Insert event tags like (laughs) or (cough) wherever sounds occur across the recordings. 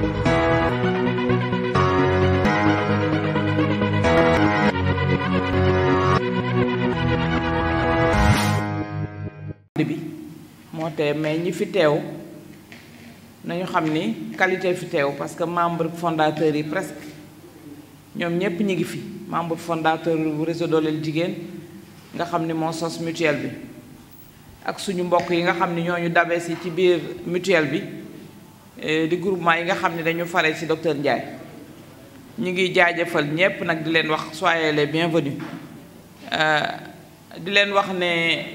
bi moo tee mais ñi fi teew nañu xam ni qualité fi teew parce que membre fondateur yi presque ñoom ñépp ñi ngi fi membre fondateur bu réseau dooleel jigéen nga xam ni moo sos mutuelle bi ak suñu mbokk yi nga xam ni ñooñu dabee si ci biir mutuelle bi Eh, di groupement yi nga xam ne dañu fare ci docteur Ndiaye ñu ngi jaajëfal ñépp nag di leen wax soyez les bienvenus eh, di leen wax ne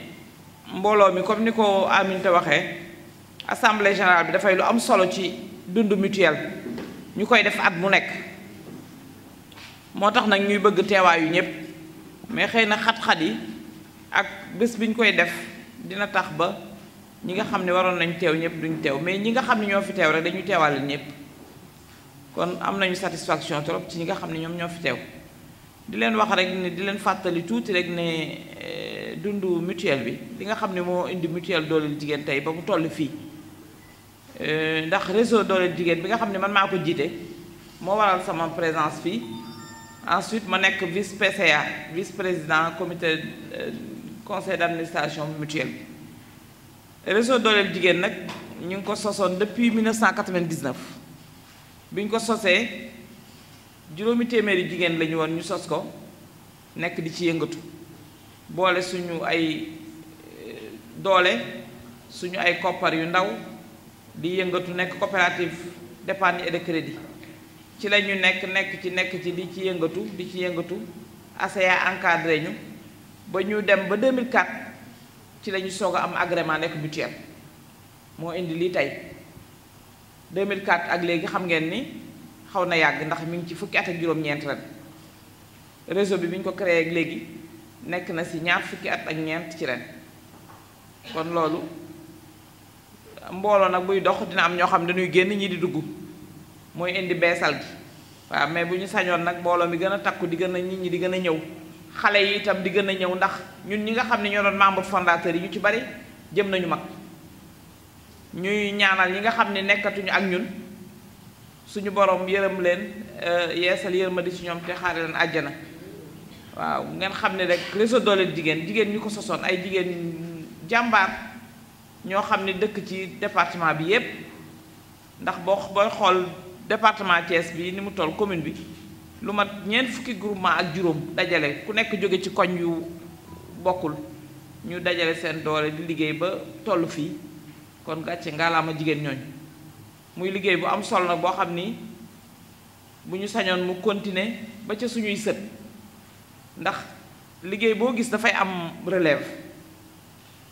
mbooloo mi comme ni ko Aminata waxee assemblée générale bi dafay lu am solo ci dund mutuel ñu koy def at mu nekk moo tax nag ñuy bëgg teewaayu ñépp mais xëy na xat-xat yi ak bés bi ñu koy def dina tax ba ñi nga xam ne waroon nañ teew ñëpp duñ teew mais ñi nga xam ne ñoo fi teew rek dañu teewaale ñëpp kon am nañu satisfaction trop ci ñi nga xam ne ñoom ñoo fi teew di leen wax rek ne di leen fàttali tuuti rek ne eh, dundu mutuelle bi li nga xam ne moo indi mutuelle dooleel jigéen tey ba mu toll fii eh, ndax réseau dooleel jigéen bi nga xam ne man maa ko jiite moo waral sama présence fii ensuite ma nekk vice PCA vice président comité eh, conseil d'administration mutuelle bi réseau dooleel jigéen nag ñu ngi ko sosoon depuis 1999 bi ñu ko sosee juróomi téeméeri jigéen lañu woon ñu sos ko nekk di ci yëngatu boole suñu ay eh, doole suñu ay koppar yu ndaw di yëngatu nekk coopérative d'épargne et de crédit ci la ñu nekk nekk ci nekk ci di ci yëngatu di ci yëngatu ASEA encadré ñu ba ñu dem ba 2004. ci la ñu soog a am agrément nekk mutuelle moo indi lii tey 2004 ak léegi xam ngeen ni xaw na yàgg ndax mi ngi ci fukki at ak juróom-ñeent ren réseau bi bi ñu ko créé ak léegi nekk na si ñaar fukki at ak ñeent ci ren kon loolu mbooloo nag buy dox dina am ñoo xam ne dañuy génn ñi di dugg mooy indi beesal gi waa mais bu ñu sañoon nag mbooloo mi gën a takku di gën a nit ñi di gën a ñëw xale yi itam di gën a ñëw ndax ñun ñi nga xam ne ñoo doon membre fondateur yi ñu ci bari jëm nañu mag ñuy ñaanal ñi nga xam ne nekkatuñu ak ñun suñu borom yërëm leen euh, yeesal yërmadi ci ñoom te xaare leen àjjana waaw ngeen xam ne rek réseau dooleel jigéen jigéen ñu ko sosoon ay jigéen jàmbaar ñoo xam ne dëkk ci département bi yépp ndax boo booy xool département Thiès bi ni mu toll commune bi lu mat ñeen fukki groupement ak juróom dajale ku nekk jóge ci koñ yu bokkul ñu dajale seen doole di liggéey ba toll fii kon gàcce ngaalaama jigéen ñooñ muy liggéey bu am solo na boo xam ni bu ñu sañoon mu continuer ba ca suñuy sët ndax liggéey boo gis dafay am relève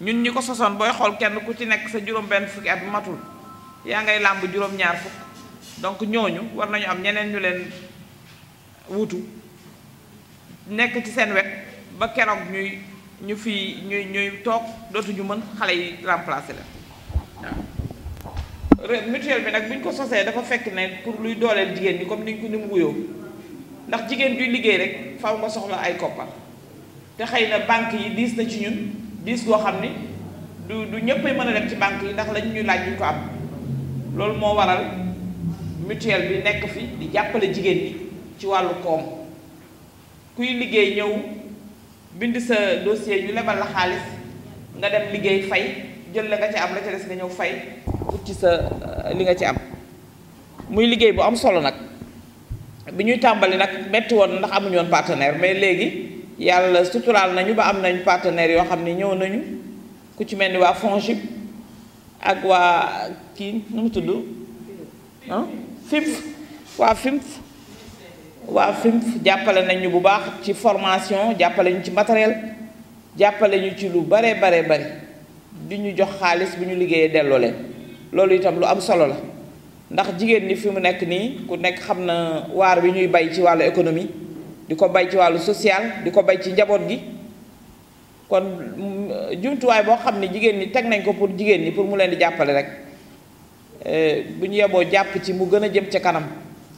ñun ñi ko sosoon booy xool kenn ku ci nekk sa juróom-benn fukki at matul yaa ngay làmb juróom-ñaar fukk donc ñooñu war nañu am ñeneen ñu leen wutu nekk ci seen wet ba keroog ñuy ñu fi ñuy ñuy toog dootuñu mën xale yi remplacer la waaw mutuelle bi nag bu ñu ko sosee dafa fekk ne pour luy dooleel jigéen bi comme niñ ko ni mu wuyoo ndax jigéen juy liggéey rek faw nga soxla ay koppar te xëy na banque yi diis na ci ñun diis goo xam ni du du ñëppay mën a dem ci banque yi ndax lañu ñu laaj ñu ko am loolu moo waral mutuelle bi nekk fi di jàppale jigéen ñi ci wàllu koom kuy liggéey ñëw bind sa dossier ñu lebal la xaalis nga dem liggéey fay jël la nga ci am la ca nga ñëw fay ut ci sa euh, li nga ci am muy liggéey bu am solo nag bi ñu tàmbali nag metti woon ndax amuñu woon partenaire mais léegi yàlla suturaal nañu ba am nañu partenaire yoo xam ne ñëw nañu ku ci mel ni waa FONGIP ak waa kii nu mu tudd ah waa FIMF waa FIMF jàppale nañu bu baax ci formation jàppale ñu ci matériel jàppale ñu ci lu bare bare bare di ñu jox xaalis bu ñu liggéeyee delloo leen loolu itam lu am solo la ndax jigéen ñi fi mu nekk nii ku nekk xam na waar bi ñuy bay ci wàllu économie di ko bay ci wàllu social di ko bay ci njaboot gi kon mm, jumtuwaay boo xam ne jigéen ñi teg nañ ko pour jigéen ñi pour mu leen di jàppale rek eh, bu ñu yeboo jàpp ci mu gën a jëm ca kanam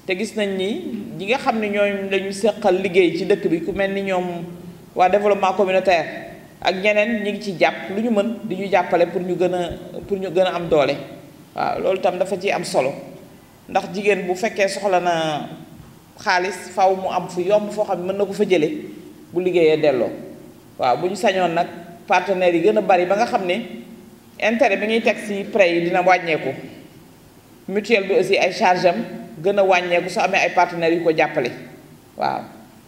te gis nañ ni ñi nga xam ne ñooñu la ñu seqal liggéey ci dëkk bi ku mel ni ñoom waa développement communautaire ak ñeneen ñi ngi ci jàpp lu ñu mën di ñu jàppale pour ñu gën a pour ñu gën a am doole waaw loolu tam dafa ci am solo ndax jigéen bu fekkee soxla na xaalis faw mu am fu yomb foo xam mën na ko fa jële bu liggéeyee delloo waaw bu ñu sañoon nag partenaires yi gën a bari ba nga xam ne intérêt bi ngay teg ci prêt yi dina wàññeeku mutuelle bi aussi ay charge am gën a wàññeeku su amee ay partenaires yu ko jàppale waaw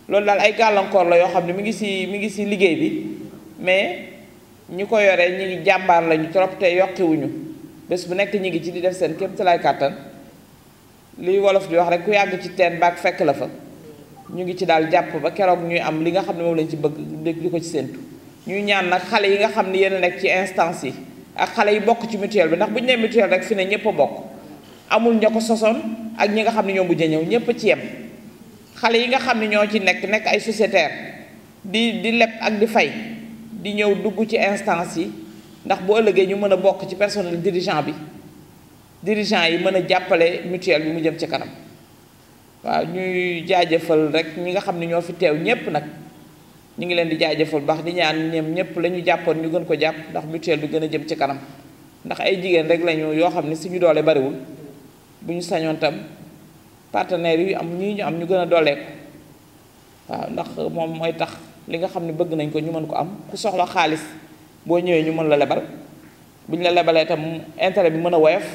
loolu daal ay gàllankoor la yoo xam ne mi ngi si mi ngi si liggéey bi mais ñi ko yoree ñi ngi jàmbaar lañu trop te yokkiwuñu bés bu nekk ñi ngi ci di def seen kéemtalaay kàttan liy wolof di wax rek ku yàgg ci teen baag fekk la fa ñu ngi ci daal jàpp ba keroog ñuy am li nga xam ne moom lañ ci bëgg di ko ci séentu ñuy ñaan nag xale yi nga xam ne yéen nekk ci instance yi ak xale yi bokk ci mutuelle bi ndax bu ñu nee rek fi ne ñëpp bokk amul ña ko sosoon ak ñi nga xam ne ñoo mujj ñëw ñépp ci yem xale yi nga xam ne ñoo ci nekk nekk ay sociétaire di di leb ak di fay di ñëw dugg ci instance yi ndax bu ëllëgee ñu mën a bokk ci personnel dirigeant bi dirigeant yi mën a jàppale mutuelle bi mu jëm ci kanam waaw ñuy jaajëfal rek ñi nga xam ne ñoo fi teew ñépp nag ñu ngi leen di jaajëfal baax di ñaan ñoom ñépp la ñu jàppoon ñu gën ko jàpp ndax mutuelle bi gën a jëm ci kanam ndax ay jigéen rek lañu yoo xam ne suñu doole bariwul bu ñu sañoon tam partenaires yu am ñii ñu am ñu gën a dooleeku waaw ndax moom mooy tax li nga xam ne bëgg nañ ko ñu mën ko am ku soxla xaalis boo ñëwee ñu mën la lebal buñ la lebalee tam intérêt bi mën a woyof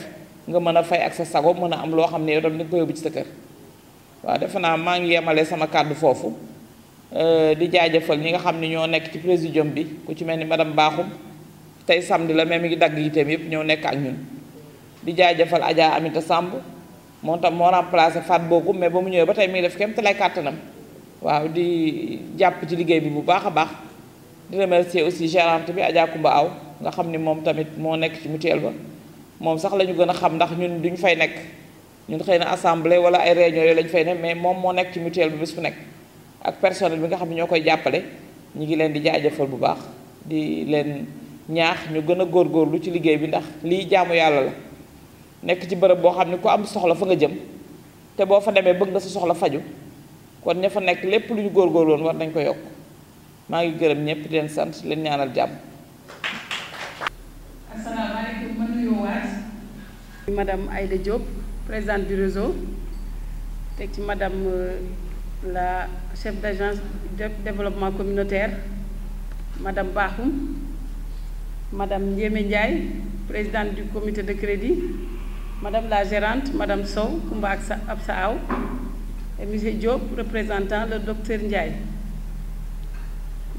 nga mën a fay ak sa sago mën a am loo xam ne yow tam da ko yóbbu ci sa kër waa defe naa maa ngi yemale sama kàddu foofu euh, di jaajafal ñi nga xam ni ñoo nekk ci présidium bi ku ci mel ni madame Bakhoum tey samedi la mais mi ngi dagg itam yëpp ñëw nekk ak ñun di jaajëfal Adja Amita Samb moo tax moo remplacé Fat Bokum mais ba mu ñëwee ba tey muy def kem te lay kàttanam waaw di jàpp ci liggéey bi bu baax a baax di remercier aussi gérante bi Adja Kumba Aw nga xam ni moom tamit moo nekk ci mutuel ba moom sax la ñu gën a xam ndax ñun duñ fay nekk ñun xëy na assemblée wala ay réunion yooyu fay ne mais moom moo nekk ci mutuel bi bés bu nekk ak personnel bi nga xam ne ñoo koy jàppale ñu ngi leen di jaajëfal bu baax di leen ñaax ñu gën a góorgóorlu ci liggéey bi ndax lii jaamu yàlla la nekk ci bërëb boo xam ne ku am soxla fa nga jëm te boo fa demee bëgg nga sa soxla faju kon ña fa nekk lépp lu ñu góor woon war nañ ko yokk maa ngi gërëm ñëpp di leen sant leen ñaanal jàmm. asalaamaaleykum ma nuyuwaat. madame Aïda Diop présidente du réseau teg ci madame euh, la chef d' agence de développement communautaire madame Bakhoum madame Ndiémé Ndiaye présidente du comité de crédit. Madame la gérante, Madame Sow, Kumba Absaaou, et M. Diop, représentant le docteur Ndiaye.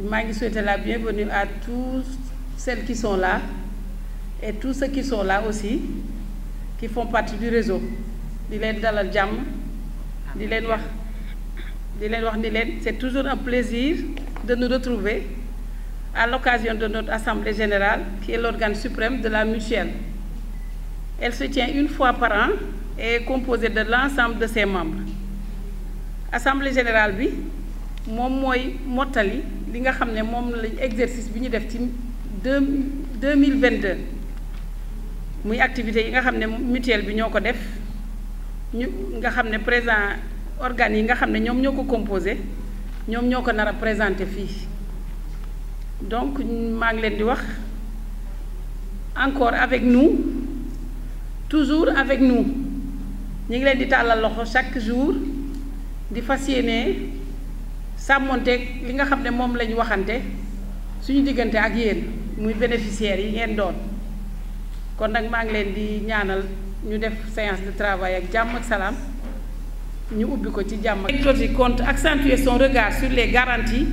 Je souhaite la bienvenue à tous celles ki sont la et tout ceux qui sont là aussi, qui font partie du réseau. di leen dalal jàmm di leen wax di leen wax ni leen c'est toujours un plaisir de nous retrouver à l'occasion de notre assemblée générale qui est l'organe suprême de la mutuelle Elle se tient une fois par an et est composée de l'ensemble de ses membres assemblée général bi moom mooy mottali li nga xam ne moom lañ exercice bi ñu def ci deux deux mille vingt deux muy activité yi nga xam ne mutuelle bi ñoo ko def ñu nga xam ne présent organes yi nga xam ne ñoom ñoo ko composé ñoom ñoo ko nar a présenté fii donc maa ngi leen di wax encore avec nous. toujours avec nous ñu ngi leen di tàllal loxo chaque jour di fas yéene sàmmonteeg li nga xam ne moom lañu waxante suñu diggante ak yéen muy bénéficiaires yi ngeen doon kon nag maa ngi leen di ñaanal ñu def séance de travail ak jàmm ak salaam ñu ubbi ko ci jàmm. Directeur des comptes accentuer son regard sur les garanties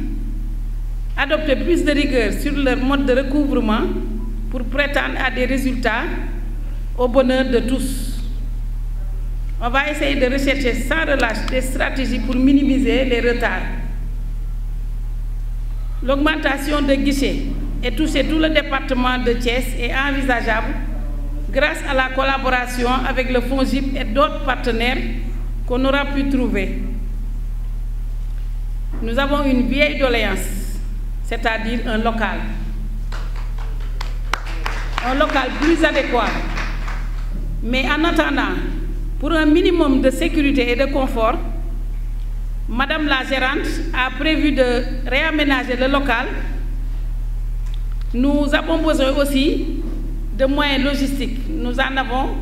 adopter plus de rigueur sur leur mode de recouvrement pour prétendre à des résultats. au bonheur de tous. On va essayer de rechercher sans relâche des stratégies pour minimiser les retards. L'augmentation de guichets et toucher tout le département de Thiès est envisageable grâce à la collaboration avec le FONGIP et d'autres partenaires qu'on aura pu trouver. Nous avons une vieille doléance, c'est-à-dire un local. Un local plus adéquat Mais en attendant, pour un minimum de sécurité et de confort, Madame la gérante a prévu de réaménager le local. Nous avons besoin aussi de moyens logistiques. Nous en avons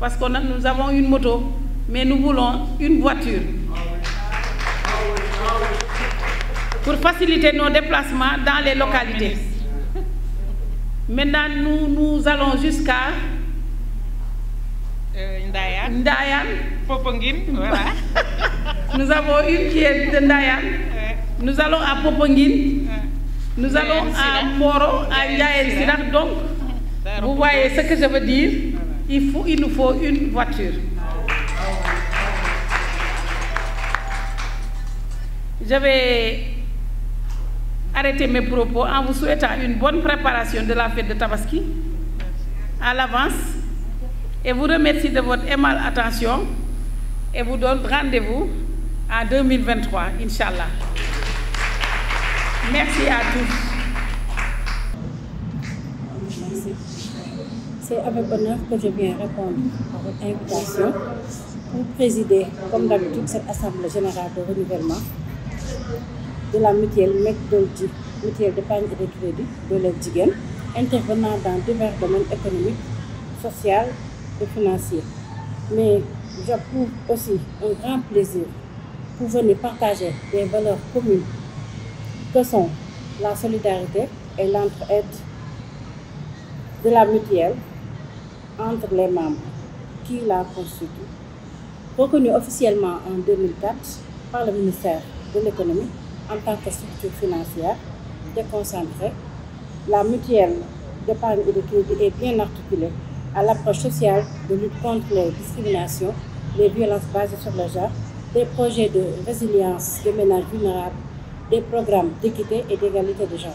parce que nous avons une moto, mais nous voulons une voiture. Pour faciliter nos déplacements dans les localités. Maintenant, nous allons jusqu'à Ndayane Ndayane. (laughs) nous avons une qui de Ndayane. nous allons à Popenguine. nous allons à Mboro à Ndiayène Sirakh donc. vous voyez ce que je veux dire. il faut il nous faut une voiture. Je vais arrêter mes propos en vous souhaitant une bonne préparation de la fête de Tabaski à l'avance. et vous remercie de votre aimable attention et vous donne rendez-vous en 2023, Inch'Allah. Merci à tous. Merci. C'est avec bonheur que je viens répondre à votre invitation pour présider, comme d'habitude, cette Assemblée générale de renouvellement de la mutuelle McDolgy, mutuelle d'épargne et de crédit de l'Edjigen, intervenant dans divers domaines économiques, social et financier. Mais j'approuve aussi un grand plaisir pour venir partager des valeurs communes que sont la solidarité et l'entraide de la mutuelle entre les membres qui la constituent. Reconnue officiellement en 2004 par le ministère de l'économie en tant que structure financière déconcentrée, la mutuelle d'épargne et de crédit est bien articulée à l'approche sociale de lutte contre les discriminations, les violences basées sur le genre, des projets de résilience des ménages vulnérables, des programmes d'équité et d'égalité de genre.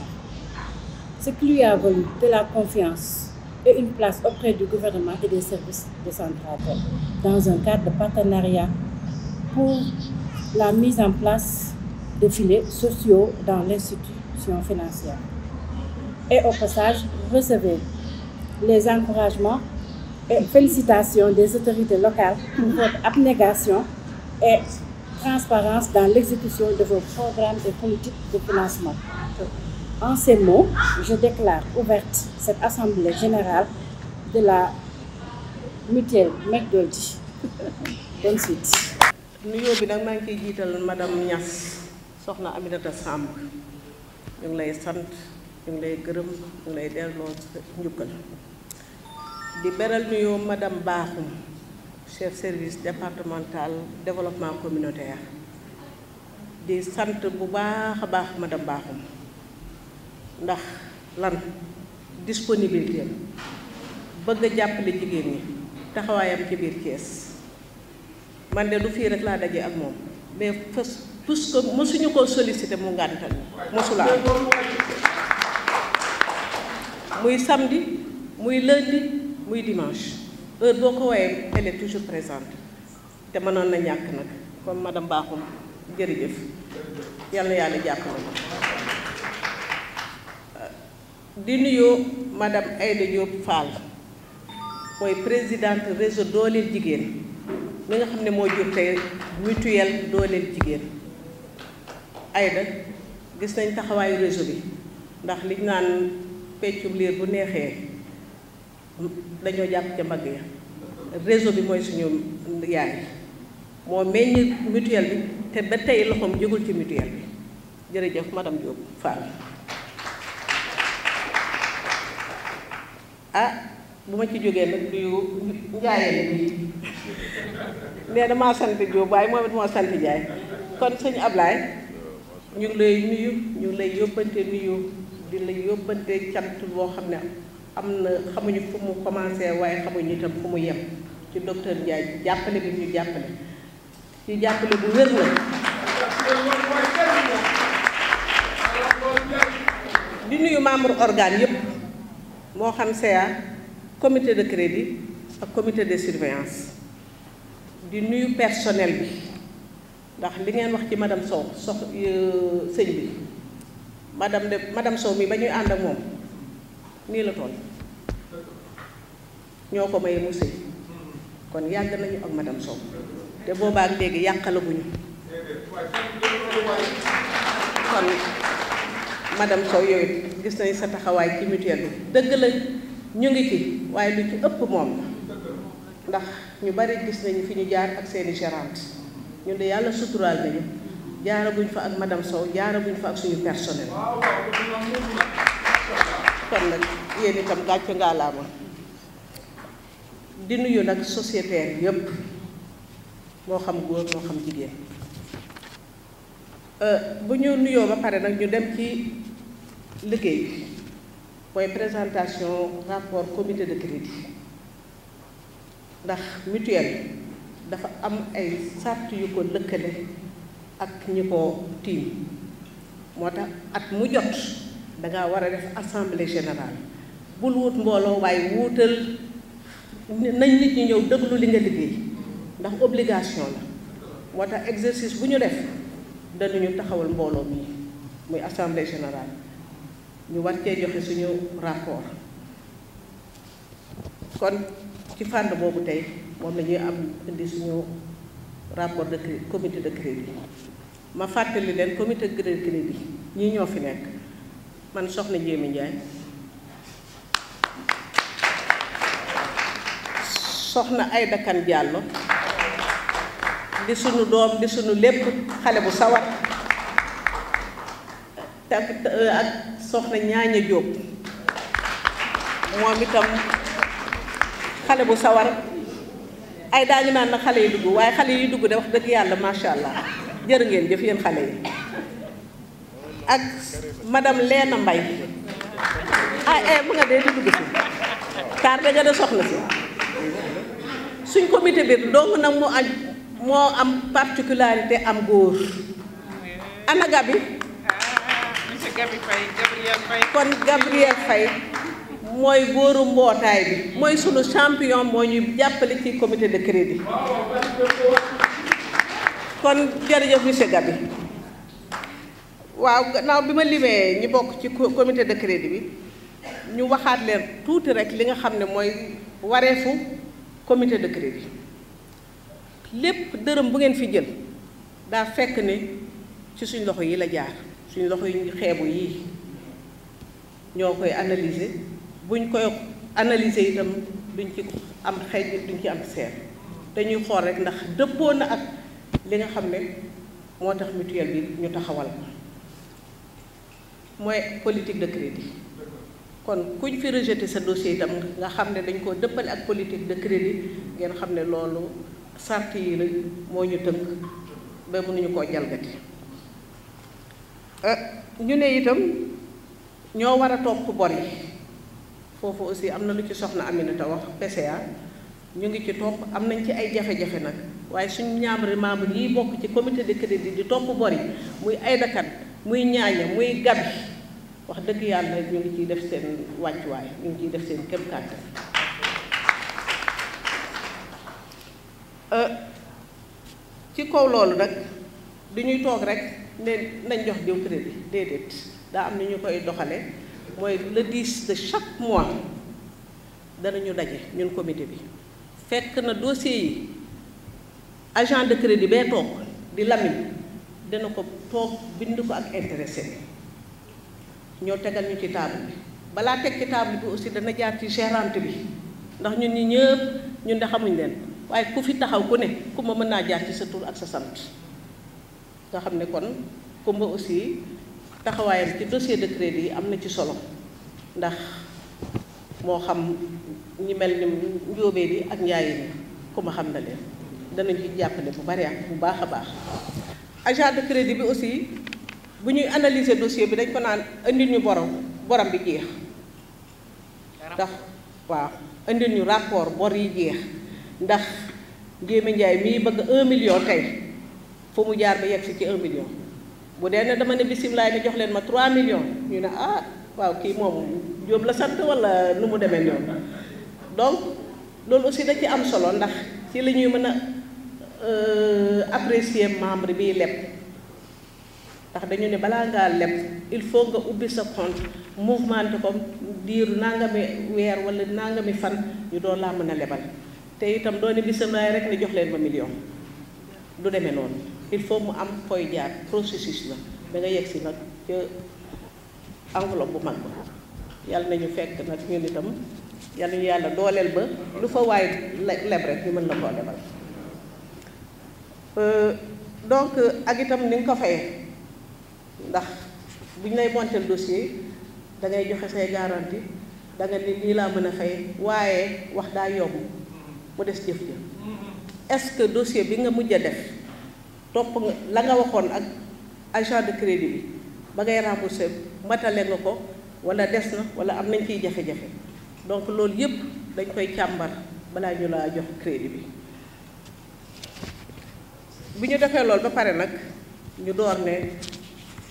Ce qui lui a valu de la confiance et une place auprès du gouvernement et des services décentralisés dans un cadre de partenariat pour la mise en place de filets sociaux dans l'institution financière. Et au passage, recevez les encouragements et félicitations des autorités locales pour votre abnégation et transparence dans l'exécution de vos programmes et politiques de financement. En ces mots, je déclare ouverte cette Assemblée générale de la mutuelle McDoldi. (laughs) Bonne suite. nuyoo bi nag maa ngi koy jiital madame Niass soxna Aminata Samb ñu ngi lay sant ñu ngi lay gërëm ñu ngi njukkal. di beral nuyoo madame Bakhoum chef service départemental développement communautaire di sant bu baax a baax madame Bakhoum ndax lan disponibilité am bëgg a jàppale jigéen ñi taxawaayam ci biir Thiès man de du fii rek laa daje ak moom mais fës puisque mësuñu koo sollicité mu ngàntal mësula am muy samedi muy lundi muy dimanche heure boo ko woowee elle toujours présent te mënoon na ñàkk nag comme madame Bakhoum jërëjëf yàlla yàlla jàppale ko euh, di nuyu madame Aïda Diop Fall mooy présidente réseau dooleel jigéen mi nga xam ne moo jur tey mutuelle dooleel jigéen Aïda gis nañ taxawaayu réseau bi ndax li naan peccum liir bu neexee dañoo jàpp ca mbagg ya réseau bi mooy suñu yaay moo meññ mutuel bi te ba tey loxoom jógul ci mutuel bi jërëjëf madame Diop Fall ah bu ma ci jógee nag nuyu njaayeen bi nee na maa sant Diop waaye moom it sant Njaay kon sëñ Ablaay ñu ngi lay nuyu ñu lay yóbbante nuyu di la yóbbante cant boo xam ne am na xamuñu fu mu commencé waaye xamuñu itam fu mu yem ci docteur Ndiaye jàppale bi ñu jàppale ci jàppale bu wér la di nuyu membre organe yëpp moo xam CA comité de crédit ak comité de surveillance di nuyu personnel bi ndax li ngeen wax ci madame Sow sox euh, sëñ bi madame de madame Sow mi ba ñuy ànd ak moom nii la toll ñoo ko may mu kon yàgg nañu ak madame Sow te boobaak léegi yàqalaguñu kon madame Sow yooyu gis nañ sa taxawaay ci mutuelle dëgg la ñu ngi ci waaye lu ci ëpp moom la ndax ñu bari gis nañu fi ñu jaar ak seeni gérante ñun de yàlla suturaal nañu jaaraguñ fa ak madame Sow jaaraguñ fa ak suñu personnel kon nag yéen itam gàcce ngaalaama di nuyu nag sociétaire yépp moo xam góor moo xam jigéen euh, bu ñu nuyoo ba pare nag ñu dem ci liggéey bi mooy présentation rapport comité de crédit ndax mutuelle dafa am ay sàrt yu ko lëkkale ak ñi ko tiim moo tax at mu jot dangaa war a def assemblée général bul wut mbooloo waaye wuutal nañ nit ñi ñëw déglu li nga liggéey ndax obligation la moo exercice bu ñu def ñu taxawal mbooloo mi muy assemblée générale ñu war cee joxe suñu rapport kon ci fànn boobu tey moom la ñuy am indi suñu rapport de comité de crédit ma fàttali leen comité de crédit ñii ñoo fi nekk man soxna Jéemi Njaay soxna Ayda Kan Jàllo di sunu doom di sunu lépp xale bu sawar tak ak soxna ñaaña Jóob moom itam xale bu sawar ay daañu naan na xale yi dugg waaye xale yi dugg de wax dëgg yàlla macha allah jërë ngeen jëf yéen xale yi ak madame Leena Mbay ah eh mu nga dee di dugg si taar da nga de si suñ comité bi dong nag mu am moo am particularité am góor ana Gabi kon Gabriel Faye mooy góoru mbootaay bi mooy sunu champion moo ñuy jàppale ci comité de crédit kon jërëjëf monsieur Gabi waaw gannaaw bi ma limee ñi bokk ci comité de crédit bi ñu waxaat leen tuuti rek li nga xam ne mooy wareefu commité de crédit lépp dërëm bu ngeen fi jël daa fekk ne ci suñ loxo yi la jaar suñu loxo yi ñu xeebu yii ñoo koy analyser buñ koy analise itam duñ ci am xeej duñ ci am seet dañuy xool rek ndax dëppoo na ak li nga xam ne moo tax mutuelle bi ñu taxawal mooy politique de crédit kon kuñ fi rejeté sa dossier itam nga xam ne dañ koo dëppale ak politique de crédit ngeen xam ne loolu sart yi la moo ñu tënk ba mënuñu koo jalgati euh, ñu ne itam ñoo war a topp bor yi foofu aussi am na lu ci soxna Aminata wax PCA ñu ngi ci topp am nañ ci ay jafe-jafe nag waaye suñu ñaamari membre yi bokk ci comité de crédit di topp bor yi muy ay dakat muy ñaaña muy gabi wax dëgg yàlla ñu ngi ciy def seen wàccuwaay ñu ngi ciy def seen kéem kàttan euh, ci kaw loolu nag du ñuy toog rek ne nañ jox diw crédit déedéet daa am ni ñu koy doxale mooy le 10 de chaque mois danañu daje ñun comité bi fekk na dossier yi agent de crédit bee toog di Lamine dana ko toog bind ko ak intéressé ñoo tegal ñu ci table bi balaa teg ci table bi aussi dana jaar ci gérante bi ndax ñun ñi ñëpp ñun de xamuñ leen waaye ku fi taxaw ku ne ku ma mën naa jaar ci sa tur ak sa sant nga xam ne kon kumba aussi taxawaayam ci dossier de crédit yi am na ci solo ndax moo xam ñi mel ni njóobee bi ak njaayi ni ku ma xam na leen danañ ci jàppale bu bari bu baax a baax agent de crédit bi aussi bu ñuy analyser dossier bi dañ ko naan indil ñu borom borom bi géex ndax waaw indil ñu rapport bor yi géex ndax Ndiémé Ndiaye mii bëgg 1 million tey foo mu jaar ba yegg si ci 1 million bu dee ne dama ne bisimilaay ni jox leen ma 3 millions ñu ne ah waaw kii moom Jóob la sant wala nu mu demee noonu donc loolu aussi da ci am solo ndax ci la ñuy mën a. Euh, apprécier membre bii leb ndax dañu ne balaa ngaa leb il faut nga ubbi sa compte mouvementé ko diiru nangami weer wala nangami fan ñu doon laa mën a lebal te itam doone bisimilaay rek ne jox leen ma million du demee noonu il faut mu am koy jaar processus la da nga yegg si nag ca enveloppe bu mag ba yàlla nañu fekk nag ñun itam yàlla ñu yàlla dooleel ba lu fa waay leb rek mën la koo lebal Euh, donc ak itam ni nga ko fayee ndax bu ñu lay monter dossier da ngay joxe say garantie da nga ni laa mën a fay waaye wax daa yomb mu des jëf ja est-ce que dossier bi nga mujj a def topp nga la nga waxoon ak agent de crédit bi ba ngay rembourser matale nga ko wala des na wala am nañ ciy jafe-jafe donc loolu yëpp dañ koy càmbar balaa ñu laa jox crédit bi. bi ñu defee loolu ba pare nag ñu door ne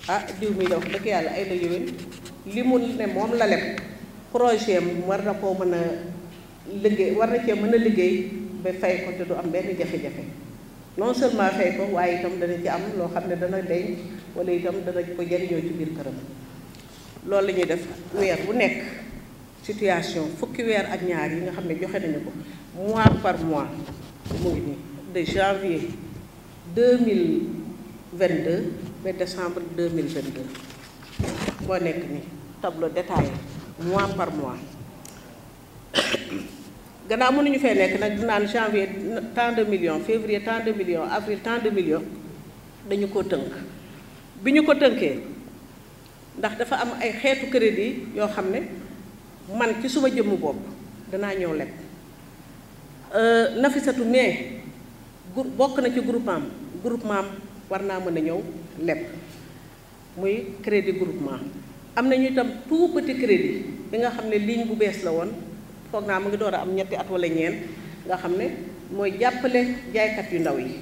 ah diw mi wax dëgg yàlla ay la yëwén li mu ne moom la leb projet war na koo mën a liggéey war na cee mën a liggéey fay ko te am benn jafe-jafe seulement fay waaye itam dana ci am loo xam ne dana deñ wala itam dana ko jëriñoo ci biir këram loolu la ñuy def weer bu nekk situation fukki weer ak ñaar yi nga xam ne joxe nañu ko mois par mois mu ngi nii de janvier deux mille vingt deux ba décembre deux mille vingt deux moo nekk ni tableau détaillé mois par mois gannaaw mënuñu fee nekk nag dinaan janvier tant de millions février tant de millions avril tant de millions dañu ko tënk bi ñu ko tënkee ndax dafa am ay xeetu crédit yoo xam ne man ci suma jëmm bopp danaa ñëw lekk euh, Nafisatu mais bokk na ci groupement groupement war naa mën a ñëw leb muy crédit groupement am na ñu itam tout petit crédit bi nga xam ne liiñ bu bees la woon foog naa mu ngi door a am ñetti at wala ñeent nga xam ne mooy jàppale jaaykat yu ndaw yi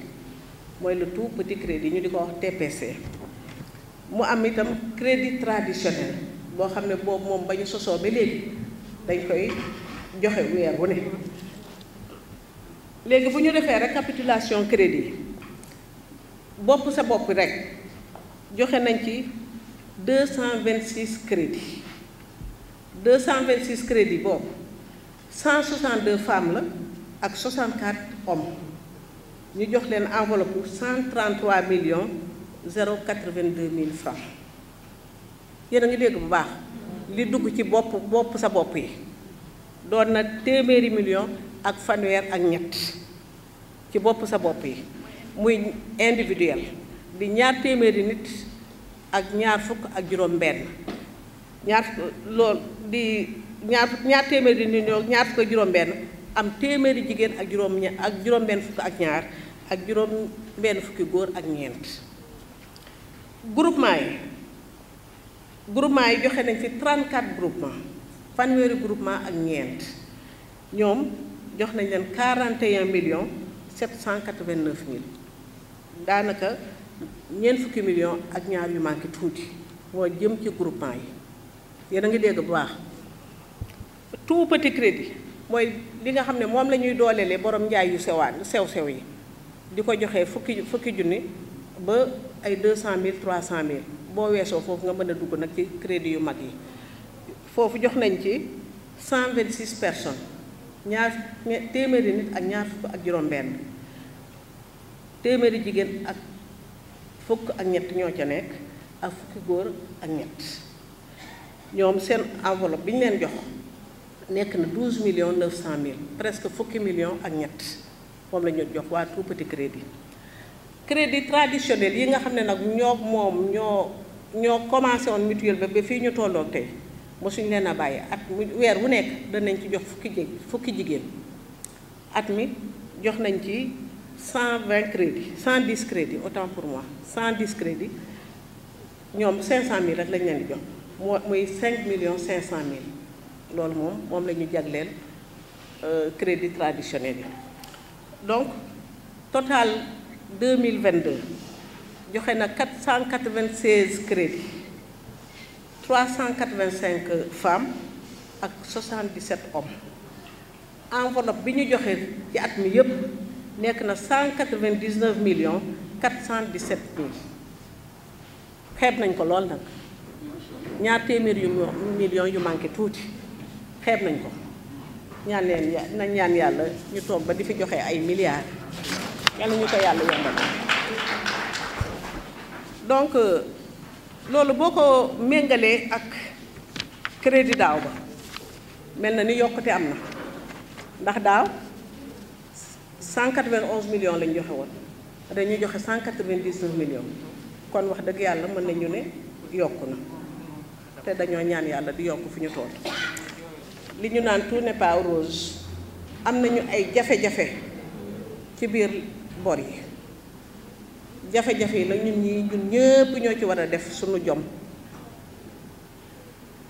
mooy le tout petit crédit ñu di ko wax TPC mu am itam crédit traditionnel boo xam ne boobu moom ba ñu sosoo ba léegi dañ koy joxe weer wu ne léegi bu ñu defee récapitulation crédit bopp sa bopp rek joxe nañ ci deux cent vingt six crédits deux cent vingt six crédits boobu cent soixante deux femmes la ak soixante quatre hommes ñu jox leen envelopp cent trente trois millions zéro quatre vingt deux mille francs yéen a ngi dégg bu baax li dugg ci bopp bopp sa bopp yi doon na téeméeri million ak fanweer ak ñett ci bopp sa bopp yi muy individuel di ñaar téeméeri nit ak ñaar fukk ak juróom-benn ñaar loolu di ñaar ñaar téeméeri nit ñoo ñaar fukk ak juróom-benn am téeméeri jigéen ak juróom ak juróom fukk ak ñaar ak juróom-benn fukki góor ak ñeent groupement yi groupement yi joxe nañ fi 34 groupement fanweeri groupement ak ñeent ñoom. jox nañ leen 41 millions 789 mille daanaka ñeent fukki millions ak ñaar yu manqué tuuti moo jëm ci groupement yi yéen a ngi dégg bu baax tout petit crédit mooy li nga xam ne moom la ñuy dooleele borom njaay yu sewaat sew-sew yi di ko joxee fukki fukki junni ba ay cent cent mille boo weesoo foofu nga mën a dugg nag ci crédit yu mag yi foofu jox nañ ci 126 personnes ñaar téeméeri nit ak ñaar fukk ak juróom-benn téeméeri jigéen ak fukk ak ñett ñoo ca nekk ak fukki góor ak ñett ñoom seen enveloppe bi ñu leen jox nekk na douze millions neuf cent mille presque fukki million ak ñett moom la ñu jox waa tout crédit crédit traditionnel yi nga xam ne nag ñoo moom ñoo ñoo commencé woon mutuel ba ba fii ñu tolloon tey. mosuñ leen a bàyyi at mu weer wu nekk danañ ci jox fukki jég fukki jigéen at mi jox nañ ci cent vingt crédits cent dix crédits autant pour moi cent dix crédit ñoom cinq cent mille ak lañ leen di jox moo muy cinq millions cinq cent mille loolu moom moom la ñu jagleel euh, crédit traditionnel yi donc total deux mille vingt deux joxe na quatre cent quatre vingt seize crédit 385 femmes ak 77 hommes enveloppe bi ñu joxee ci at mi yépp nekk na million millions 417 mille xeeb nañ ko lool nag ñaar téeméer yu millions yu manqué tuuti xeeb nañ ko ñaan leen ya nañ ñaan yàlla ñu toog ba di fi joxe ay milliards yàlla ñu ko yàlla yombal donc euh, loolu boo ko méngalee ak crédit daaw ba mel na ni yokkute am na ndax daaw 191 millions lañ joxe woon dañuy joxe 199 millions kon wax dëgg yàlla mën nañu ne yokku na te dañoo ñaan yàlla di yokk fi ñu toll li ñu naan tout n'est rose am nañu ay jafe-jafe ci biir bor yi jafe-jafe yi nag ñun ñi ñun ñëpp ñoo ci war a def suñu jom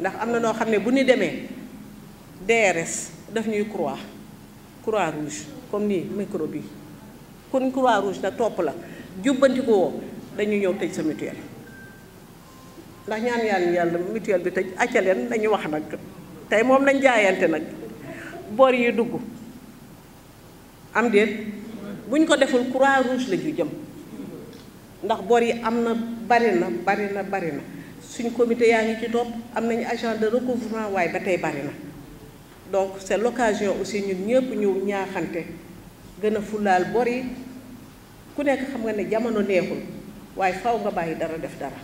ndax am na noo xam ne bu ñu demee DRS daf ñuy croix croix rouge comme nii micro bi kon croix rouge nag topp la jubbanti woo dañuy ñëw tëj sa mutuelle ndax ñaan yàlla yàlla mutuelle bi tëj accaleen dañu wax nag tey moom nañ jaayante nag bor yi dugg am déet buñ ko deful croix rouge la ju jëm ndax bor yi am na bari na bari na bari na suñ comité yaa ngi ci topp am nañu agent de recouvrement waaye ba tey bari na donc c'est l'occasion aussi ñun ñëpp ñu ñaaxante gën a fulaal bor yi ku nekk xam nga ne jamono neexul waaye faw nga bàyyi dara def dara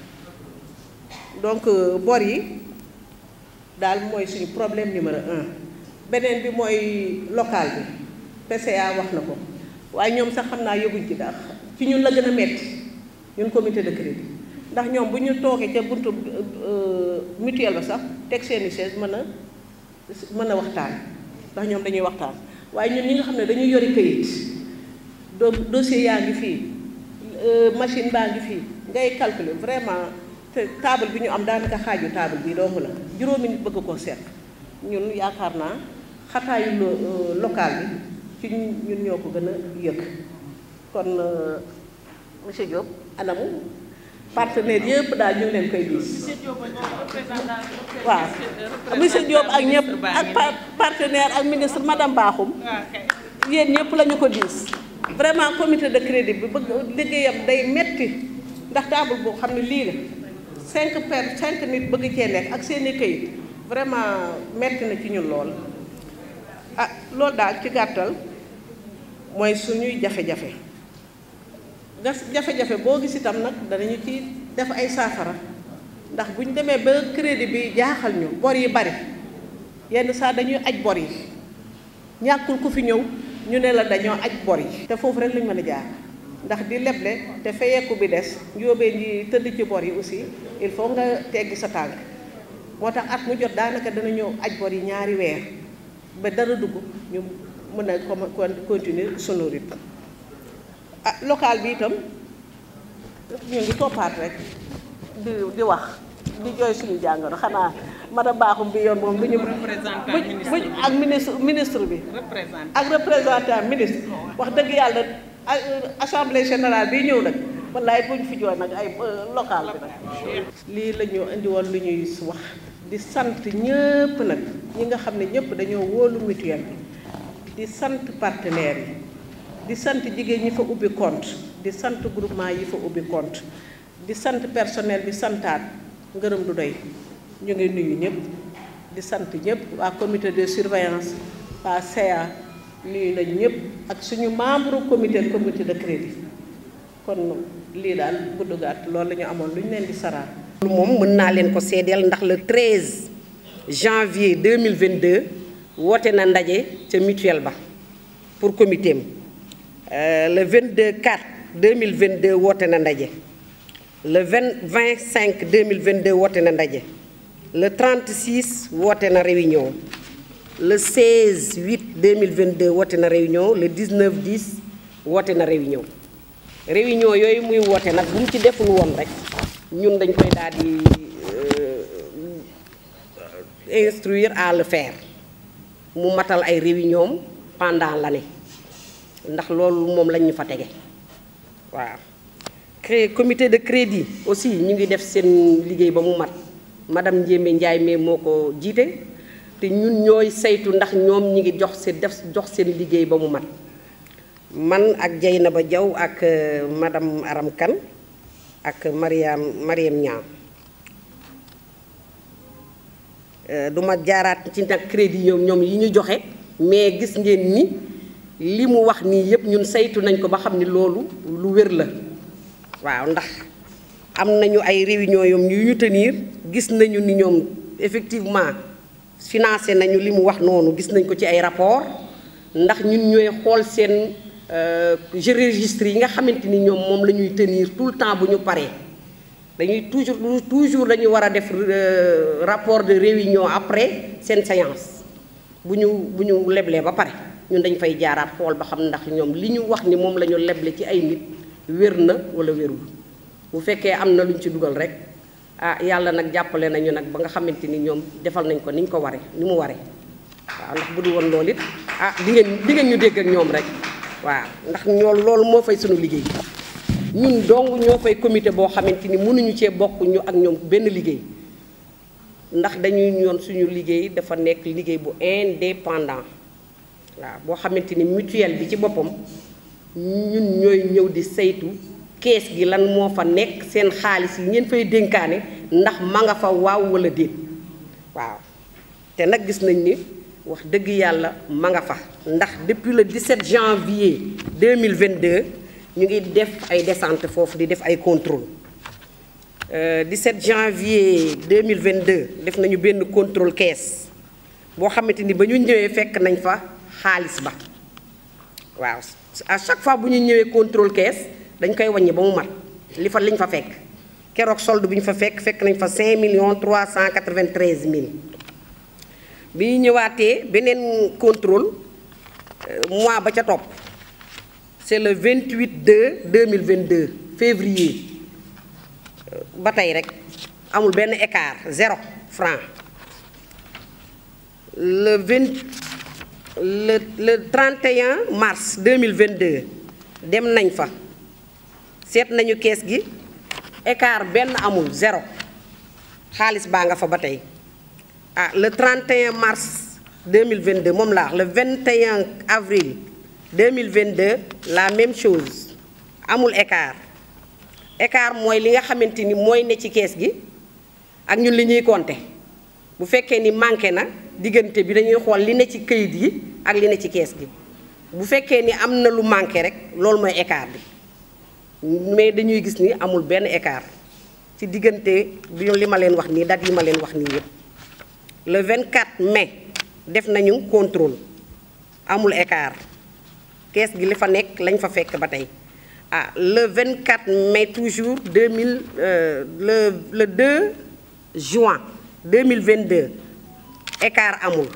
donc euh, bor yi daal mooy suñu problème numéro un beneen bi mooy local bi PCA wax na ko waaye ñoom sax xam naa yëguñ ci dara ci ñun la gën a metti ñun comité de crédit ndax ñoom bu ñu toogee ca buntu euh, mutuelle ba sax teg seeni chaise mën a mën a waxtaan ndax ñoom dañuy waxtaan waaye ñun ñi nga xam ne dañuy yori këyit do dossier yaa ngi fii euh, machine baa ngi fii ngay calculer vraiment te table bi ñu am daanaka xaaju table bi dong la juróomi nit bëgg koo set ñun yaakaar naa xataayu euh, local bi ci ñun ñoo ko gën a yëg kon monsieur Diop. anamu partenaires yëpp daal ñu leen koy diis waaw monsieur Diop ak ñëpp ak partenaire ak ministre madame Bakhoum ah, yéen ñëpp la ñu ko diis vraiment comité de crédit bi bëgg liggéeyam day metti ndax table boo xam ne lii la cinq per cinq nit bëgg cee ak seeni i vraiment metti na ci ñun lool ah loolu daal ci gàttal mooy suñuy jafe-jafe jafe-jafe boo gis itam nag danañu ci def ay saafara ndax bu ñu demee ba crédit bi jaaxal ñu bor yi bari yenn saa dañuy aj bor yi ñàkkul ku fi ñëw ñu ne la dañoo aj bor yi te foofu rek lañ mën a jaar ndax di leble te fayeeku bi des njóobee ñi tëdd ci bor yi aussi il faut nga teggi sa tànk moo tax at mu jot daanaka dana ñëw aj bor yi ñaari weer ba dara dugg ñu mën a continuer sunu rythme ah local bi itam ñu ngi toppaat rek di di wax di jooy suñu jàngoro xanaa madame baaxum bi yoon moom bu ñu. ak ministre ministre bi. ak représentant ministre. wax dëgg yàlla ah, assemblée général bi ñëw nag wallaay bu ñu fi jooy nag ay euh, local bi nag. lii la ñu indi woon lu ñuy wax di sant ñëpp nag ñi nga xam ne ñëpp dañoo wóolu mutuelle bi di sant partenaires yi. di sant jigéen ñi fa ubbi compte di sant groupement yi fa ubbi compte di sant personnel bi santaat ngërëm du doy ñu ngi nuyu ñëpp di sant ñëpp waa comité de surveillance waa CA nuyu nañ ñëpp ak suñu membre comité comité de crédit kon lii daal gudd gàtt loolu la amoon lu ñu leen di saraar loolu moom mën naa leen ko seedeel ndax le 13 janvier 2022 woote na ndaje ca mutuelle ba pour comité am Euh, le deux mille 4 deux woote na ndaje le vingt deux mille vingt 2022 woote na ndaje le 36 woote na réunion le deux 16 8 2022 woote na réunion le 19 10 woote na réunion réunion yooyu muy woote nag bu mu ci deful woon rek ñun dañ koy daal di euh, instruire à le faire mu matal ay réunion pendant l'année ndax loolu moom lañ ñu fa tege waaw cré commité de crédit aussi ñu ngi def seen liggéey ba mu mat madame Ndiémé Ndiaye mais moo ko jiite te ñun ñooy saytu ndax ñoom ñi ngi jox seen def jox seen liggéey ba mu mat man ak na ba Diaw ak euh, madame Aram Kane ak Mariam Mariam Niang euh, du ma jaaraat ci nag crédit ñoom ñoom yi ñu joxe mais gis ngeen ni li mu wax nii yëpp ñun saytu nañ ko ba xam ni loolu lu wér la waaw ndax am nañu ay réunion yom yu ñu tenir gis nañu ni ñoom effectivement financé nañu li mu wax noonu gis nañ ko ci ay rapport ndax ñun ñooy xool seen euh, registre yi nga xamante ni ñoom moom la ñuy tenir tout le temps bu ñu pare dañuy toujours toujours dañu war a def euh, rapport de réunion après seen séance bu ñu bu ñu leblee ba pare ñun dañ fay jaaraat xool ba xam ndax ñoom li ñu wax ni moom la ñu leble ci ay nit wér na wala wérul bu fekkee am na lu ñu ci dugal rek ah yàlla nag jàppale nañu nag ba nga xamante ni ñoom defal nañ ko ni ñu ko waree ni mu waree waaw ndax bu di woon loolu it ah di ngeen di ngeen ñu dégg ñoom rek waaw ndax ñoo loolu moo fay suñu liggéey ñun dong ñoo fay comité boo xamante ni mënuñu cee bokk ñu ak ñoom benn liggéey ndax dañuy ñoon suñu liggéey dafa nekk liggéey bu indépendant waaw boo xamante ni mutuelle bi ci boppam ñun ñooy ñëw di saytu kees gi lan moo fa nekk seen xaalis yi ngeen fay dénkaane ndax ma nga fa waaw wala déet waaw te nag gis nañ ni wax dëgg yàlla ma nga fa ndax depuis le 17 janvier deux ñu ngi def ay descente foofu di def ay contrôle 17 euh, janvier 2022 def nañu benn contrôle kees boo xamante ni ba ñu ñëwee fekk nañ fa xaalis ba waaw à chaque fois bu ñuy ñëwee contrôle caisse dañ koy wàññi ba mu mat li fa liñ fa fekk keroog solde bi ñu fa fekk fekk nañ fa 5 millions 393 mille bi ñu ñëwaatee beneen contrôle euh, mois ba ca topp c'est le vingt deux 28 2 2022 février euh, ba tey rek amul benn écart zéro franc le 20 le le 31 mars 2022 dem nañ fa seet nañu kees gi écart benn amul zéro xaalis baa nga fa ba tey ah le 31 mars vingt 2022 moom laa le 21 avril 2022 la même chose amul écart écart mooy li nga xamante ni mooy ne ci kees gi ak ñun li ñuy compter bu fekkee ni manqué na. diggante bi dañuy xool li ne ci këyit yi ak li ne ci kees gi bu fekkee ni am na lu manqué rek loolu mooy écart bi mais dañuy gis ni amul benn écart ci diggante bi li ma leen wax nii date yi ma leen wax nii yëpp vingt 24 mai def nañu contrôle amul écart kees gi li fa nekk lañ fa fekk ba tey ah le 24 mai toujours 2000 euh, le le 2 juin 2022 écart amul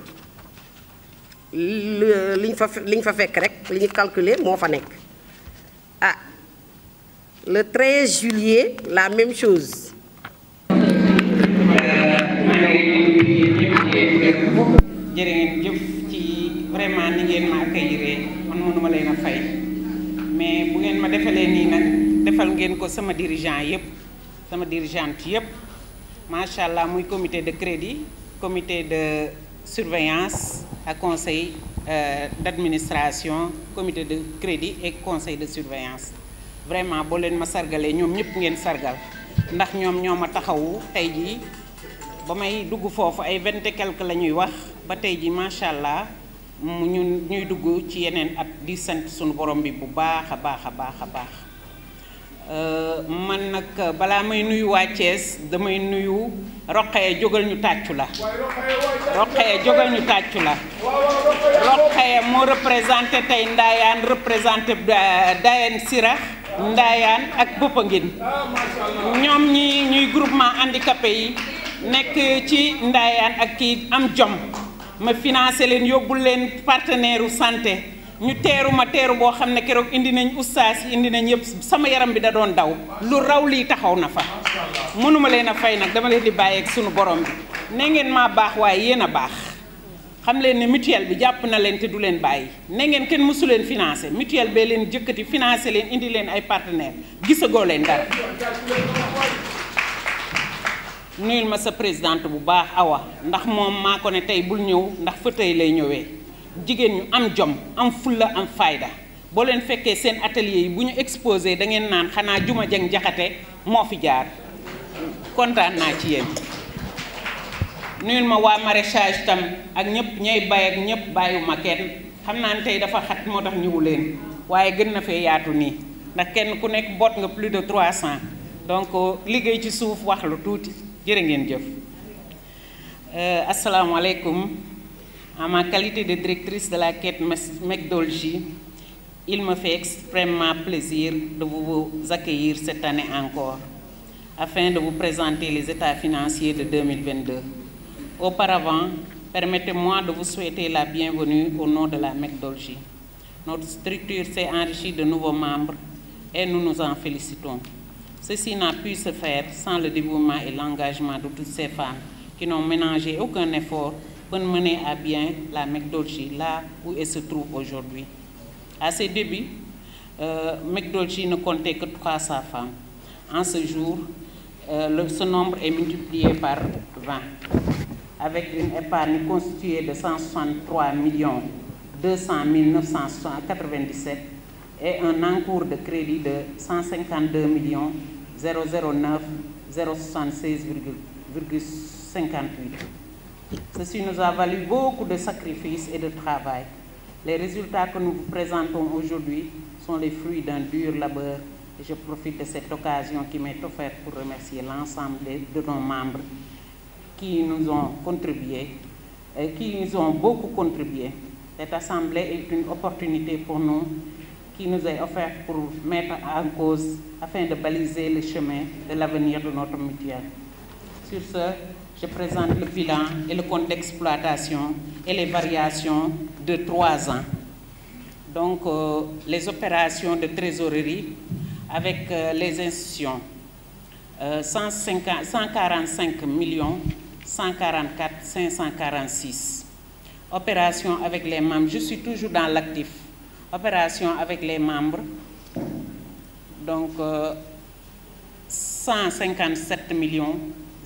liñ fa liñ fa fekk rek li ñu calculer moo fa nekk ah le 13 juillet la même chose. jërë ngeen jëf ci vraiment ni ngeen ma accueillir man mënuma leen a mais bu ngeen ma defalee nii nag defal ngeen ko sama dirigeant yëpp sama dirigeante yëpp macha allah muy comité de crédit. comité de surveillance ak conseil euh, d'administration comité de crédit et conseil de surveillance vraiment boo leen ma sargalee ñoom ñëpp ngeen sargal ndax ñoom ñoo ma taxawu tey jii ba may dugg foofu ay vingt quelque la ñuy wax ba tey jii macha allah mu ñu ñuy dugg ci yeneen at di sant suñu borom bi bu baax a baax a baax a baax Euh, man nag balaa may nuyu waa damay nuyu Roqaya jógal ñu tàccu la Roqaya jógal ñu tàccu la Roqaya moo représenté tey Ndayane représenté euh, Dayen Sirax Ndayane ak Popenguine ñoom ñi ñuy groupement handicapé yi nekk ci ndaayaan ak kii am jom ma financé leen yóbbul leen partenaire santé ñu teeru ma teeru boo xam ne keroog indi nañ ustaas yi indi nañ yëpp sama yaram bi da doon daw lu raw lii taxaw na fa mënuma leen a fay nag dama leen di bàyyeeg suñu borom bi ne ngeen maa baax waaye yéen a baax xam leen ne mutuelle bi jàpp na leen te du leen bàyyi ne ngeen kenn mësu leen financé mutuelle bee leen jëkkati financé leen indi leen ay partenaire gisagoo leen dara nuyul ma sa présidente bu baax awa ndax moom maa ko ne tey bul ñëw ndax fa tey lay ñëwee jigéen ñu am jom am fulla am fayda boo leen fekkee seen atelier yi bu ñu exposé da ngeen naan xanaa Juma Jeng Jaxate moo fi jaar kontaan naa ci yéen nuyul ma waa maraîchage tam ak ñëpp ñay bay ak ñëpp bàyyiwuma kenn xam naa ne tey dafa xat moo tax ñëwu leen waaye gën na fee yaatu nii ndax kenn ku nekk boot nga plus de 300 donc liggéey ci suuf wax lu tuuti jërë ngeen jëf euh, asalaamaaleykum En ma qualité de directrice de la quête McDolgy, il me fait de vous accueillir cette année encore afin de vous présenter les états financiers de 2022. Auparavant, permettez-moi de vous souhaiter la bienvenue au de la McDolgy. Notre structure s'est de nouveaux membres en félicitons. Ceci n'a pu se le dévouement et l'engagement de toutes peut mener à bien la méthodologie là où elle se trouve aujourd'hui. À ses débuts, euh, McDolchi ne comptait que 300 femmes. En jour, euh, le, ce nombre est multiplié par 20, avec une épargne constituée de 163 millions 200 997 et un encours de crédit de 152 millions 009 076,58. Ceci nous a valu beaucoup de sacrifices et de travail. Les résultats que nous vous présentons aujourd'hui sont les fruits d'un dur labeur. Et je profite de cette occasion qui m'est offerte pour remercier l'ensemble de nos membres qui nous ont contribué, et euh, qui nous ont beaucoup contribué. Cette assemblée est une opportunité pour nous qui nous est offerte pour mettre en cause afin de baliser le chemin de l'avenir de notre mutuelle. Sur ce, je présente le bilan le compte et les variations de trois ans. Donc, euh, les opérations de trésorerie avec euh, les institutions, euh, 150, 145 millions 144 546. Opération avec les membres, je toujours dans l'actif. Opération avec les membres, donc 157 euh, millions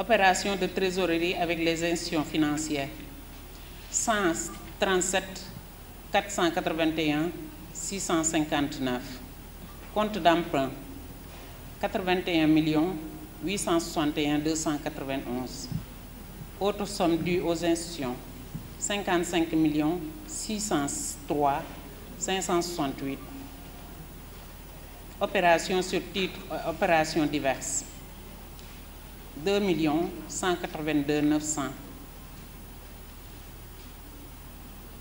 opération de trésorerie avec les institutions financières 137 481 659 compte d'emprunt 81 millions 861 291 autres sommes dues aux institutions 55 millions 603 568 opération sur titre euh, opération diverses deux millions cent quatre-vingt-deux cent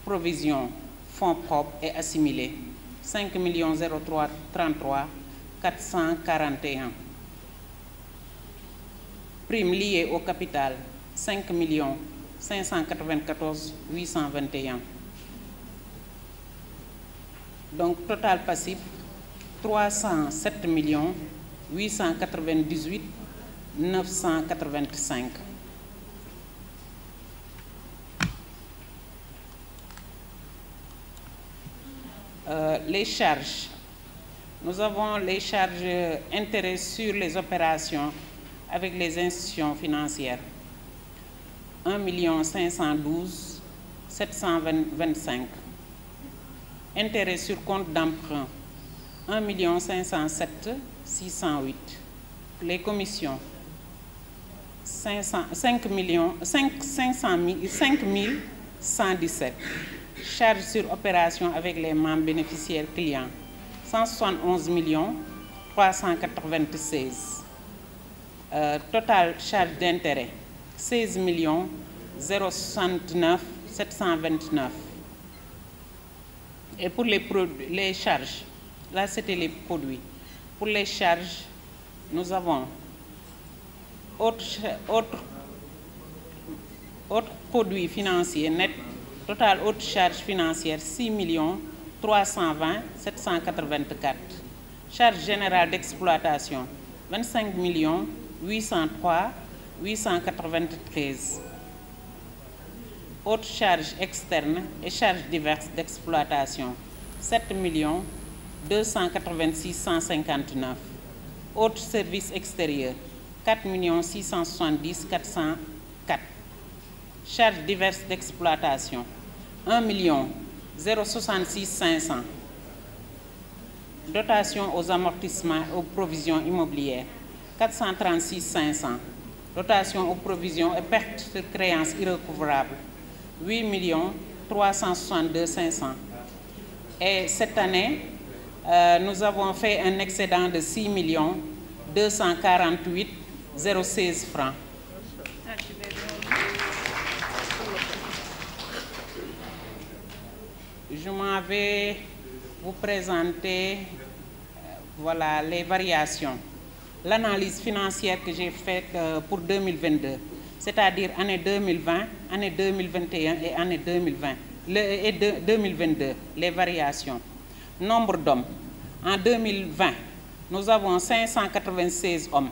provision fonds propres et assimilés cinq millions zéro trois trente-trois cent quarante et un au capital cinq millions cinq cent quatre vingt cent vingt et donc total passif trois cent sept millions huit cent quatre-vingt-dix-huit 985 euh, les charges nous avons les charges intérêts sur les opérations avec les institutions financières 1 million 512 725 intérêts sur compte d'emprunt 1 million 507 608 les commissions cinq cent cinq millions cinq cinq cent mille cinq mille cent dix-sept charges sur opération avec les membres bénéficiaires clients cent soixante onze millions trois cent quatre-vingt-seize euh, total charge d'intérêt seize millions zéro soixante-neuf sept cent vingt-neuf et pour les charges là c'était les produits pour les charges nous autres autres autres produits financiers net total autres charges financières 6 millions 320 784 charge générale d'exploitation 25 millions 803 893 autres charges externes et charges diverses d'exploitation 7 millions 286 159 autres services extérieurs 4 670 404. Charges diverses d'exploitation 1 066 500. Dotation aux amortissements et aux provisions immobilières 436 500. Dotation aux provisions et pertes de créances irrécouvrables 8 362 500. Et cette année, euh, nous avons fait un excédent de 6 248 016 francs je m'en vais vous présenter euh, voilà les variations l'analyse financière que j'ai faite euh, pour 2022 c'est-à-dire année 2020 année 2021 et année 2020 et 2022 les variations nombre d'hommes en 2020 nous avons 596 hommes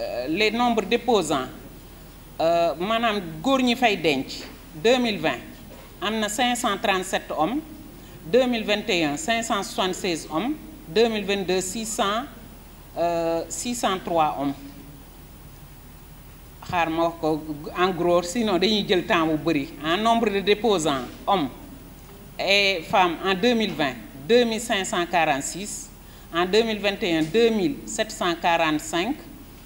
Euh, les nombres déposants euh, maanaam góor ñi fay denc 2020 am na 537 hommes 2021 576 hommes 2022 600 euh, 603 hommes xaar ma wax ko en gros sinon dañuy jël temps bu bëri en nombre de déposants hommes et femmes en deux deux mille vingt 2020 2546 en 2021 cinq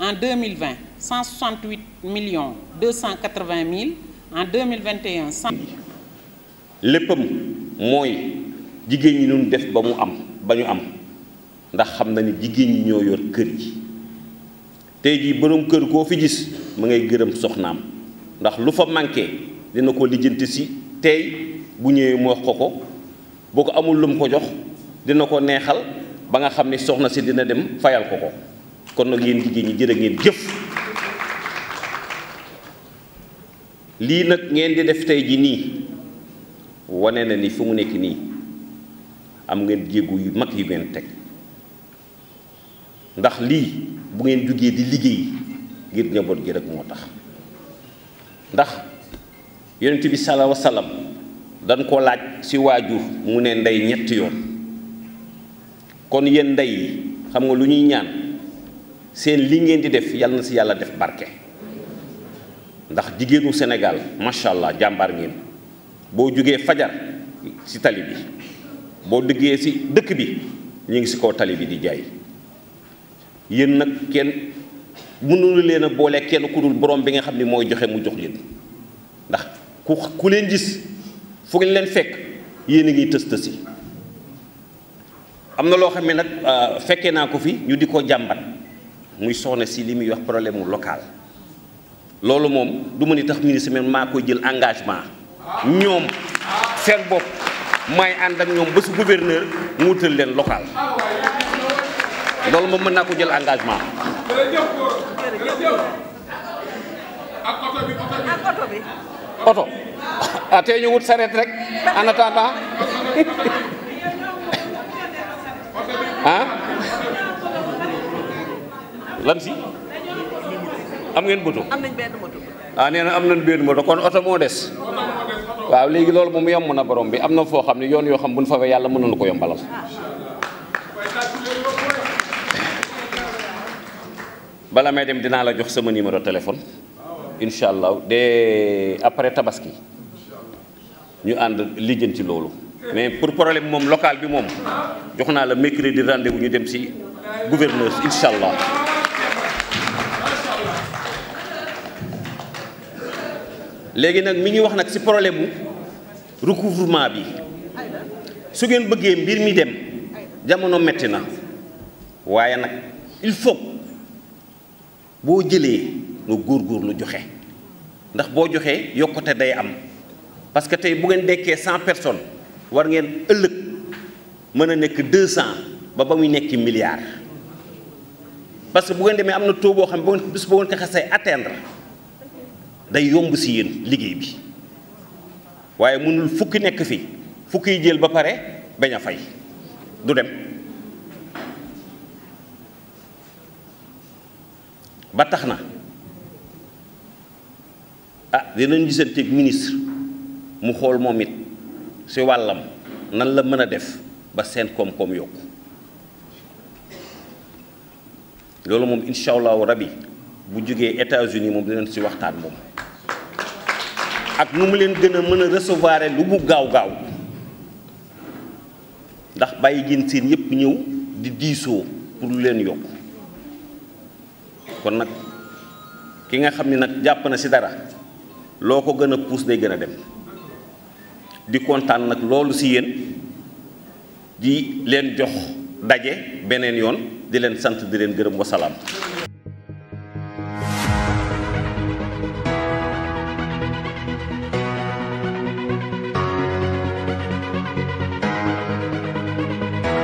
en 2020 168 millions 280 mille en 2021 cent léppam mooy jigéen ñi nun def ba mu am ba am ndax xam na ni jigéen ñi ñoo yor kër yi tey jii boroom kër koo fi gis mu ngay gërëm soxnaam ndax lu fa manqué dina ko lijjanti si tey bu ñëwee mu wax ko ko boo ko amul lum ko jox dina ko neexal ba nga xam ni soxna si dina dem fayal ko ko kon nag yéen jigéen ñi jërë ngeen jëf lii nag ngeen di def tey ji nii wane na ni fu mu nekk nii am ngeen jéego yu mag yu ngeen teg ndax lii bu ngeen jógee di liggéey ngir njaboot gi rek moo tax ndax yonent bi salaawa salaam dañ ko laaj ci waajur mu ne ndey ñetti yoon kon yéen ndey yi xam nga lu ñuy ñaan seen li ngeen di def yàlla na si yàlla def barke ndax jigéenu Sénégal macha allah jàmbar ngeen boo jógee fajar ci tali bi boo diggee si dëkk bi ñu ngi si kaw tali bi di jaay yéen nag kenn mënulu leen boole kenn ku dul borom bi nga xam ni mooy joxe mu jox leen ndax ku ku leen gis fu ngeen leen fekk yéen a ngi tës tësi am na loo xam ne nag ah, fekkee naa ko fi ñu di ko jàmbat muy soxna si li muy wax problème mu local loolu moom du mën ni tax ministre maa koy jël engagement ñoom seen bopp may ànd ak ñoom ba su gouverneur mu wutal leen local loolu moom mën naa ko jël engagement oto ah tey ñu wut saret rek en attendant (laughs) lan si am ngeen moto. am nañ ah nee na am nañ benn moto kon oto moo des. waaw léegi loolu moom yomb na borom bi am na foo xam ne yoon yoo xam bu ñu fawee yàlla mën nañu ko yombalal. bala may dem dinaa la jox sama numéro téléphone incha allah de après tabaski ñu ànd lijjanti loolu. mais pour problème moom local bi moom jox naa la mercredi rendez-vous ñu dem ci gouverneur incha allah. léegi nag mi ngi wax nag ci problème mu recouvrement bi su ngeen bëggee mbir mi dem jamono metti na waaye nag il faut boo jëlee nga lu joxe ndax boo joxee yokkute day am parce que tey bu ngeen dekkee cent personnes war ngeen ëllëg mën a nekk deux cent ba ba mu nekki milliard parce que bu ngeen demee am na taux boo xam ne bis boo ngeen ko xasee atteindre day yomb si yéen liggéey bi waaye mënul fukki nekk fi fukki jël ba pare bañ a fay du dem ba tax na ah dinañ gisanteeg ministre mu xool moom it si wàllam nan la mën a def ba seen koom-koom yokku loolu moom incha allahu rabi bu jógee États-Unis moom dinañ si waxtaan moom ak nu mu leen gën a mën a recevoir lu mu gaaw-gaaw ndax bàyyi jën seen yëpp ñëw di diisoo pour lu leen yokk kon nag ki nga xam ni nag jàpp na si dara loo ko gën a puus day gën a dem di kontaan nag loolu ci yéen di leen jox daje beneen yoon di leen sant di leen gërëm wasalaam